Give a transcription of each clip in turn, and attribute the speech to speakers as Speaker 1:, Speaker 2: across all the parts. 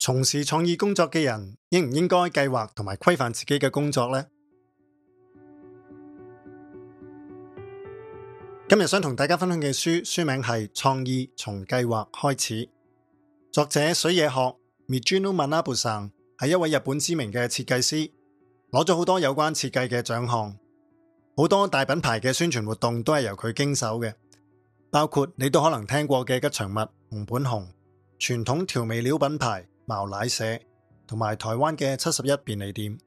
Speaker 1: 從事創意工作嘅人應唔應該計劃同埋規範自己嘅工作呢？今日想同大家分享嘅書書名係《創意從計劃開始》，作者水野學 （Mitu No Manabu s a n 係一位日本知名嘅設計師，攞咗好多有關設計嘅獎項，好多大品牌嘅宣傳活動都係由佢經手嘅，包括你都可能聽過嘅吉祥物紅本紅、傳統調味料品牌。茅乃舍同埋台灣嘅七十一便利店。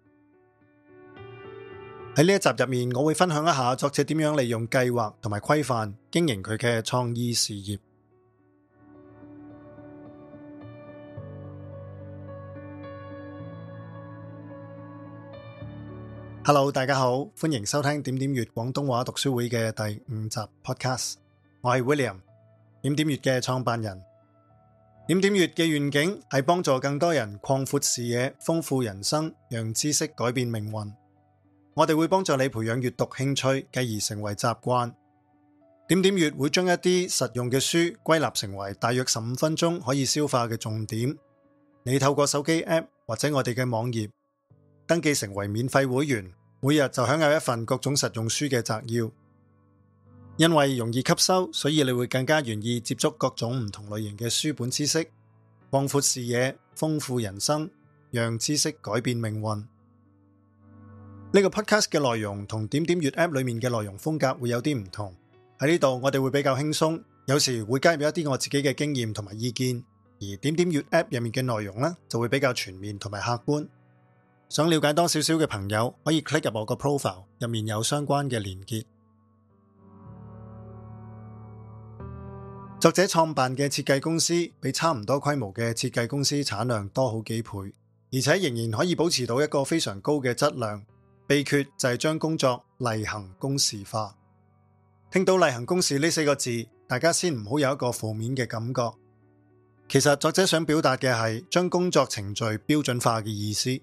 Speaker 1: 喺呢一集入面，我會分享一下作者點樣利用計劃同埋規範經營佢嘅創意事業。Hello，大家好，歡迎收聽點點粵廣東話讀書會嘅第五集 Podcast。我係 William，點點粵嘅創辦人。點點閱嘅願景係幫助更多人擴闊視野、豐富人生，讓知識改變命運。我哋會幫助你培養閱讀興趣，繼而成為習慣。點點閱會將一啲實用嘅書歸納成為大約十五分鐘可以消化嘅重點。你透過手機 App 或者我哋嘅網頁登記成為免費會員，每日就享有一份各種實用書嘅摘要。因為容易吸收，所以你會更加願意接觸各種唔同類型嘅書本知識，擴闊視野，豐富人生，讓知識改變命運。呢個 Podcast 嘅內容同點點閱 App 裏面嘅內容風格會有啲唔同。喺呢度，我哋會比較輕鬆，有時會加入一啲我自己嘅經驗同埋意見。而點點閱 App 入面嘅內容呢，就會比較全面同埋客觀。想了解多少少嘅朋友，可以 click 入我個 profile，入面有相關嘅連結。作者創辦嘅設計公司比差唔多規模嘅設計公司產量多好幾倍，而且仍然可以保持到一個非常高嘅質量。秘訣就係將工作例行公事化。聽到例行公事呢四個字，大家先唔好有一個負面嘅感覺。其實作者想表達嘅係將工作程序標準化嘅意思。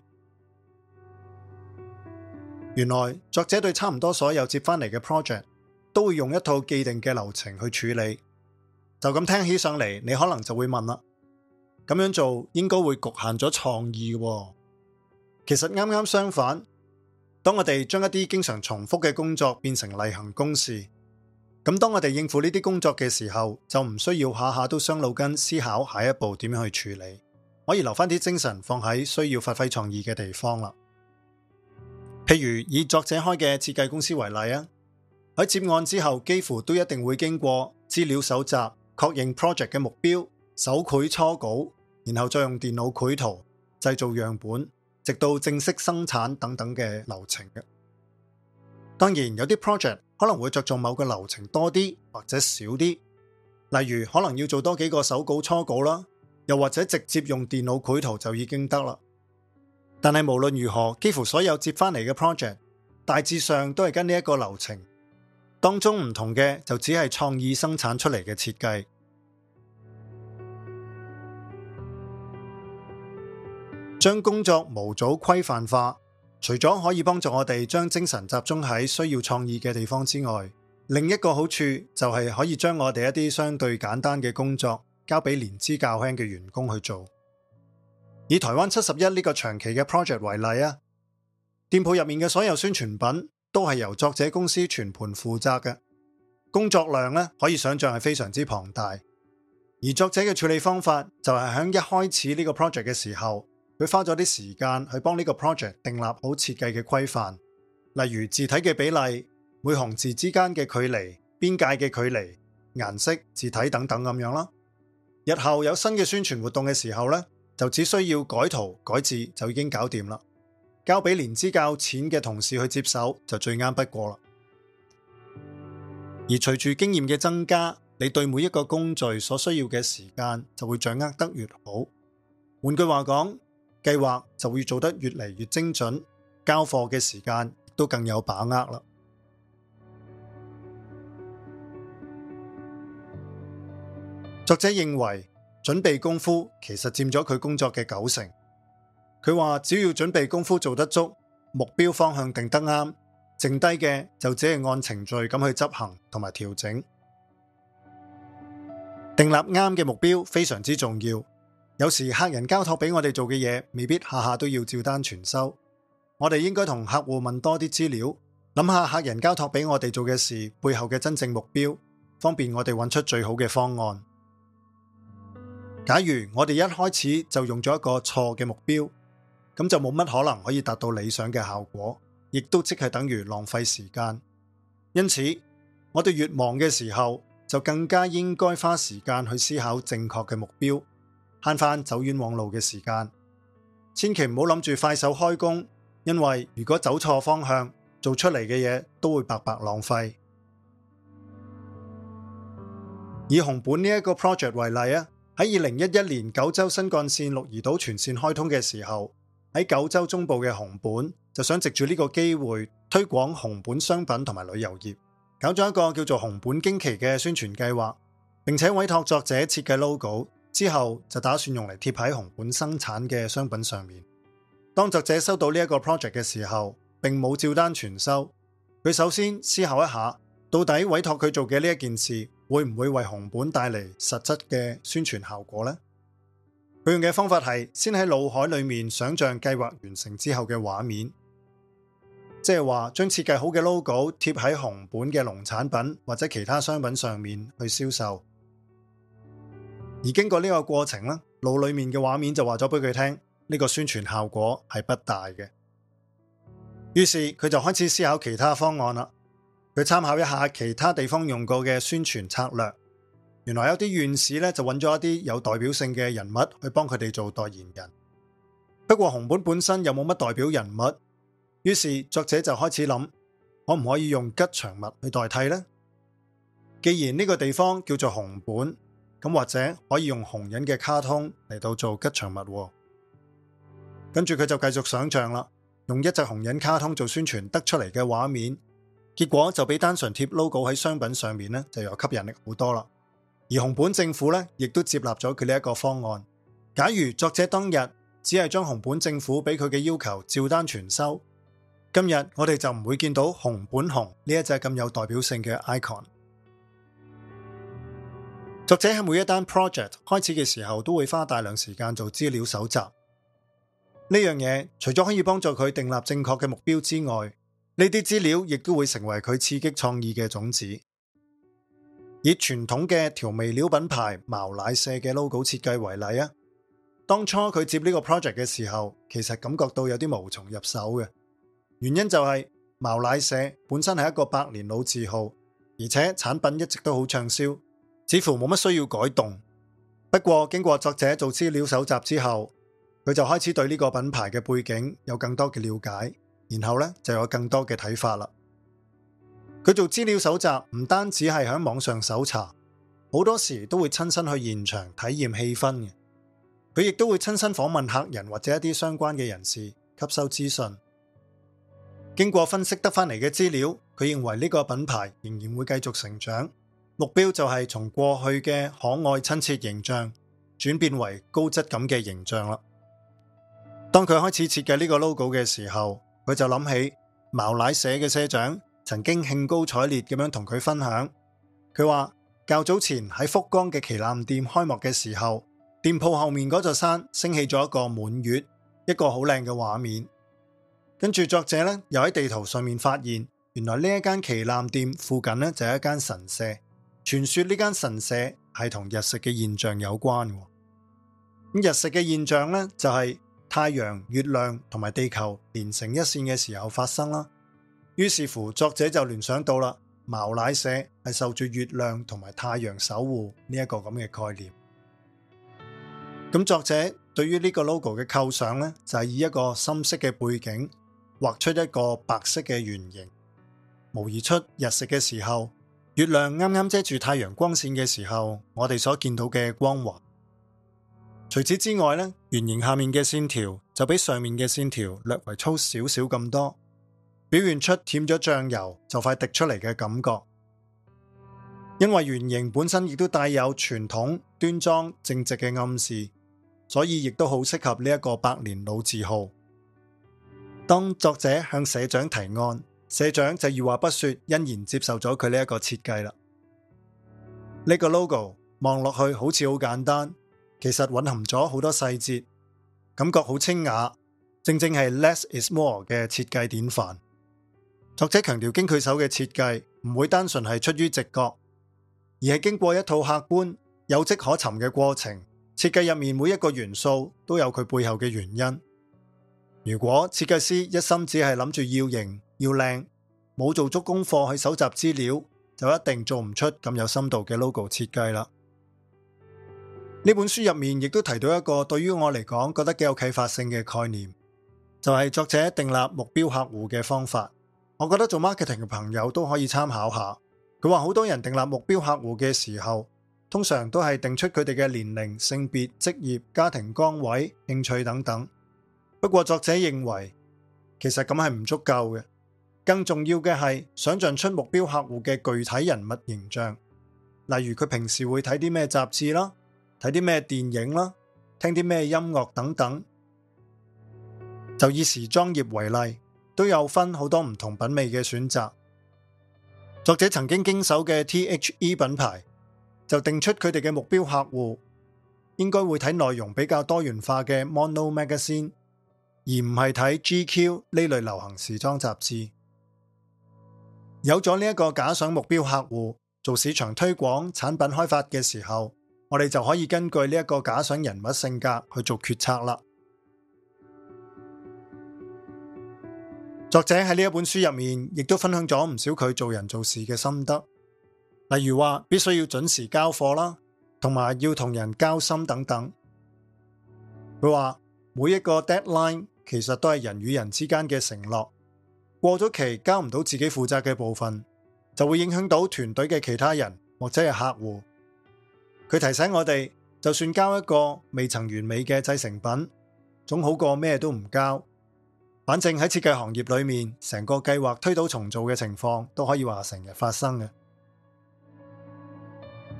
Speaker 1: 原來作者對差唔多所有接翻嚟嘅 project 都會用一套既定嘅流程去處理。就咁聽起上嚟，你可能就會問啦，咁樣做應該會局限咗創意。其實啱啱相反，當我哋將一啲經常重複嘅工作變成例行公事，咁當我哋應付呢啲工作嘅時候，就唔需要下下都傷腦筋思考下一步點樣去處理，可以留翻啲精神放喺需要發揮創意嘅地方啦。譬如以作者開嘅設計公司為例啊，喺接案之後，幾乎都一定會經過資料搜集，確認 project 嘅目標，手繪初稿，然後再用電腦繪圖，製造樣本，直到正式生產等等嘅流程嘅。當然，有啲 project 可能會着重某個流程多啲或者少啲，例如可能要做多幾個手稿初稿啦，又或者直接用電腦繪圖就已經得啦。但係無論如何，幾乎所有接翻嚟嘅 project 大致上都係跟呢一個流程。當中唔同嘅就只係創意生產出嚟嘅設計。將工作模組規範化，除咗可以幫助我哋將精神集中喺需要創意嘅地方之外，另一個好處就係可以將我哋一啲相對簡單嘅工作交俾年資較輕嘅員工去做。以台灣七十一呢個長期嘅 project 為例啊，店鋪入面嘅所有宣傳品，都係由作者公司全盤負責嘅工作量咧，可以想象係非常之龐大。而作者嘅處理方法就係響一開始呢個 project 嘅時候，佢花咗啲時間去幫呢個 project 訂立好設計嘅規範，例如字體嘅比例、每行字之間嘅距離、邊界嘅距離、顏色、字體等等咁樣啦。日後有新嘅宣傳活動嘅時候咧，就只需要改圖改字就已經搞掂啦。交俾年資較淺嘅同事去接手就最啱不過啦。而隨住經驗嘅增加，你對每一個工序所需要嘅時間就會掌握得越好。換句話講，計劃就會做得越嚟越精準，交貨嘅時間都更有把握啦。作者認為，準備功夫其實佔咗佢工作嘅九成。佢話只要準備功夫做得足，目標方向定得啱，剩低嘅就只係按程序咁去執行同埋調整。訂立啱嘅目標非常之重要。有時客人交託俾我哋做嘅嘢，未必下下都要照單全收。我哋應該同客戶問多啲資料，諗下客人交託俾我哋做嘅事背後嘅真正目標，方便我哋揾出最好嘅方案。假如我哋一開始就用咗一個錯嘅目標。咁就冇乜可能可以達到理想嘅效果，亦都即係等於浪費時間。因此，我哋越忙嘅時候，就更加應該花時間去思考正確嘅目標，慳翻走冤枉路嘅時間。千祈唔好諗住快手開工，因為如果走錯方向，做出嚟嘅嘢都會白白浪費。以熊本呢一個 project 為例啊，喺二零一一年九州新幹線鹿兒島全綫開通嘅時候。喺九州中部嘅熊本就想藉住呢個機會推廣熊本商品同埋旅遊業，搞咗一個叫做熊本驚奇嘅宣傳計劃，並且委託作者設計 logo 之後，就打算用嚟貼喺熊本生產嘅商品上面。當作者收到呢一個 project 嘅時候，並冇照單全收。佢首先思考一下，到底委託佢做嘅呢一件事會唔會為熊本帶嚟實質嘅宣傳效果呢？佢用嘅方法係先喺腦海裏面想象計劃完成之後嘅畫面，即係話將設計好嘅 logo 貼喺紅本嘅農產品或者其他商品上面去銷售。而經過呢個過程咧，腦裏面嘅畫面就話咗俾佢聽，呢個宣傳效果係不大嘅。於是佢就開始思考其他方案啦。佢參考一下其他地方用過嘅宣傳策略。原來有啲院士咧就揾咗一啲有代表性嘅人物去幫佢哋做代言人。不過紅本本身又冇乜代表人物，於是作者就開始諗，可唔可以用吉祥物去代替呢？既然呢個地方叫做紅本，咁或者可以用紅人嘅卡通嚟到做吉祥物。跟住佢就繼續想象啦，用一隻紅人卡通做宣傳得出嚟嘅畫面，結果就比單純貼 logo 喺商品上面咧就有吸引力好多啦。而熊本政府咧，亦都接納咗佢呢一個方案。假如作者當日只係將熊本政府俾佢嘅要求照單全收，今日我哋就唔會見到熊本熊呢一隻咁有代表性嘅 icon。作者喺每一單 project 開始嘅時候，都會花大量時間做資料搜集。呢樣嘢，除咗可以幫助佢訂立正確嘅目標之外，呢啲資料亦都會成為佢刺激創意嘅種子。以傳統嘅調味料品牌茅乃社嘅 logo 設計為例啊，當初佢接呢個 project 嘅時候，其實感覺到有啲無從入手嘅，原因就係茅乃社本身係一個百年老字號，而且產品一直都好暢銷，似乎冇乜需要改動。不過經過作者做資料搜集之後，佢就開始對呢個品牌嘅背景有更多嘅了解，然後咧就有更多嘅睇法啦。佢做資料搜集唔單止係喺網上搜查，好多時都會親身去現場體驗氣氛嘅。佢亦都會親身訪問客人或者一啲相關嘅人士，吸收資訊。經過分析得返嚟嘅資料，佢認為呢個品牌仍然會繼續成長，目標就係從過去嘅可愛親切形象轉變為高質感嘅形象啦。當佢開始設計呢個 logo 嘅時候，佢就諗起茅乃舍嘅社長。曾經興高采烈咁樣同佢分享，佢話較早前喺福岡嘅旗艦店開幕嘅時候，店鋪後面嗰座山升起咗一個滿月，一個好靚嘅畫面。跟住作者咧又喺地圖上面發現，原來呢一間旗艦店附近咧就係、是、一間神社，傳說呢間神社係同日食嘅現象有關。咁日食嘅現象咧就係、是、太陽、月亮同埋地球連成一線嘅時候發生啦。於是乎，作者就聯想到啦，茅乃舍係受住月亮同埋太陽守護呢一個咁嘅概念。咁作者對於呢個 logo 嘅構想呢，就係以一個深色嘅背景畫出一個白色嘅圓形，模擬出日食嘅時候，月亮啱啱遮住太陽光線嘅時候，我哋所見到嘅光環。除此之外呢，圓形下面嘅線條就比上面嘅線條略為粗少少咁多。表現出舔咗醬油就快滴出嚟嘅感覺，因為圓形本身亦都帶有傳統、端莊、正直嘅暗示，所以亦都好適合呢一個百年老字號。當作者向社長提案，社長就二話不說，欣然接受咗佢呢一個設計啦。呢個 logo 望落去好似好簡單，其實蘊含咗好多細節，感覺好清雅，正正係 less is more 嘅設計典範。作者強調，經佢手嘅設計唔會單純係出於直覺，而係經過一套客觀有迹可尋嘅過程。設計入面每一個元素都有佢背後嘅原因。如果設計師一心只係諗住要型要靚，冇做足功課去搜集資料，就一定做唔出咁有深度嘅 logo 設計啦。呢本書入面亦都提到一個對於我嚟講覺得幾有啟發性嘅概念，就係作者訂立目標客戶嘅方法。我覺得做 marketing 嘅朋友都可以參考下。佢話好多人訂立目標客戶嘅時候，通常都係定出佢哋嘅年齡、性別、職業、家庭崗位、興趣等等。不過作者認為，其實咁係唔足夠嘅。更重要嘅係，想象出目標客戶嘅具體人物形象，例如佢平時會睇啲咩雜誌啦，睇啲咩電影啦，聽啲咩音樂等等。就以時裝業為例。都有分好多唔同品味嘅選擇。作者曾經經手嘅 THE 品牌，就定出佢哋嘅目標客戶，應該會睇內容比較多元化嘅 Mono Magazine，而唔係睇 GQ 呢類流行時裝雜誌。有咗呢一個假想目標客戶，做市場推廣、產品開發嘅時候，我哋就可以根據呢一個假想人物性格去做決策啦。作者喺呢一本書入面，亦都分享咗唔少佢做人做事嘅心得，例如話必須要準時交貨啦，同埋要同人交心等等。佢話每一個 deadline 其實都係人與人之間嘅承諾，過咗期交唔到自己負責嘅部分，就會影響到團隊嘅其他人或者係客戶。佢提醒我哋，就算交一個未曾完美嘅製成品，總好過咩都唔交。反正喺設計行業裏面，成個計劃推倒重做嘅情況都可以話成日發生嘅。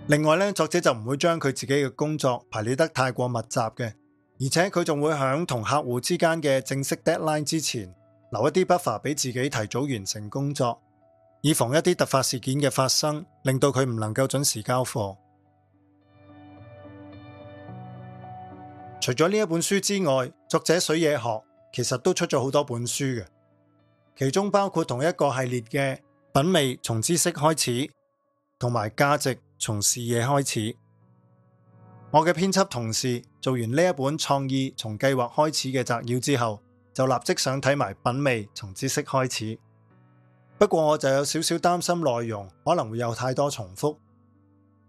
Speaker 1: 另外咧，作者就唔會將佢自己嘅工作排列得太過密集嘅，而且佢仲會響同客戶之間嘅正式 deadline 之前留一啲 buffer 俾自己提早完成工作，以防一啲突發事件嘅發生，令到佢唔能夠準時交貨。除咗呢一本書之外，作者水野學。其實都出咗好多本書嘅，其中包括同一個系列嘅品味從知識開始，同埋價值從事業開始。我嘅編輯同事做完呢一本創意從計劃開始嘅摘要之後，就立即想睇埋品味從知識開始。不過我就有少少擔心內容可能會有太多重複。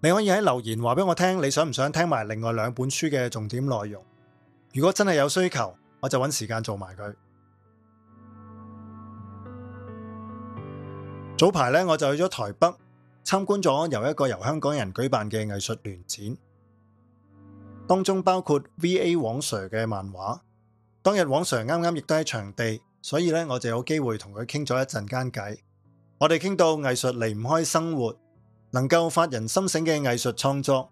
Speaker 1: 你可以喺留言話俾我聽，你想唔想聽埋另外兩本書嘅重點內容？如果真係有需求。我就揾時間做埋佢。早排呢，我就去咗台北，參觀咗由一個由香港人舉辦嘅藝術聯展，當中包括 V.A. 王 Sir 嘅漫畫。當日王 Sir 啱啱，亦都喺場地，所以呢，我就有機會同佢傾咗一陣間偈。我哋傾到藝術離唔開生活，能夠發人深省嘅藝術創作，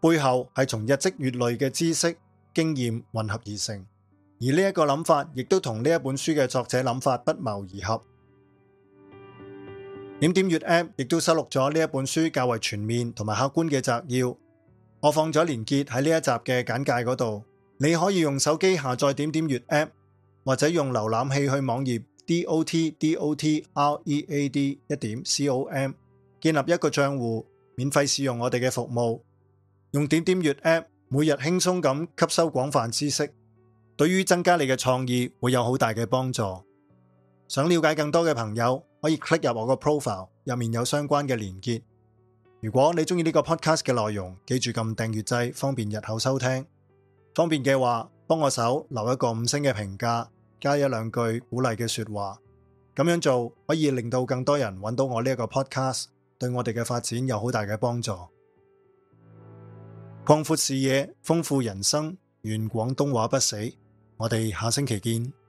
Speaker 1: 背後係從日積月累嘅知識經驗混合而成。而呢一個諗法，亦都同呢一本書嘅作者諗法不謀而合。點點閱 App 亦都收錄咗呢一本書較為全面同埋客觀嘅摘要，我放咗連結喺呢一集嘅簡介嗰度。你可以用手機下載點點閱 App，或者用瀏覽器去網頁 dot dot read 一點 com 建立一個賬戶，免費試用我哋嘅服務。用點點閱 App 每日輕鬆咁吸收廣泛知識。對於增加你嘅創意會有好大嘅幫助。想了解更多嘅朋友可以 click 入我個 profile，入面有相關嘅連結。如果你中意呢個 podcast 嘅內容，記住撳訂閱掣，方便日後收聽。方便嘅話，幫我手留一個五星嘅評價，加一兩句鼓勵嘅說話。咁樣做可以令到更多人揾到我呢一個 podcast，對我哋嘅發展有好大嘅幫助。擴闊視野，豐富人生，願廣東話不死。我哋下星期見。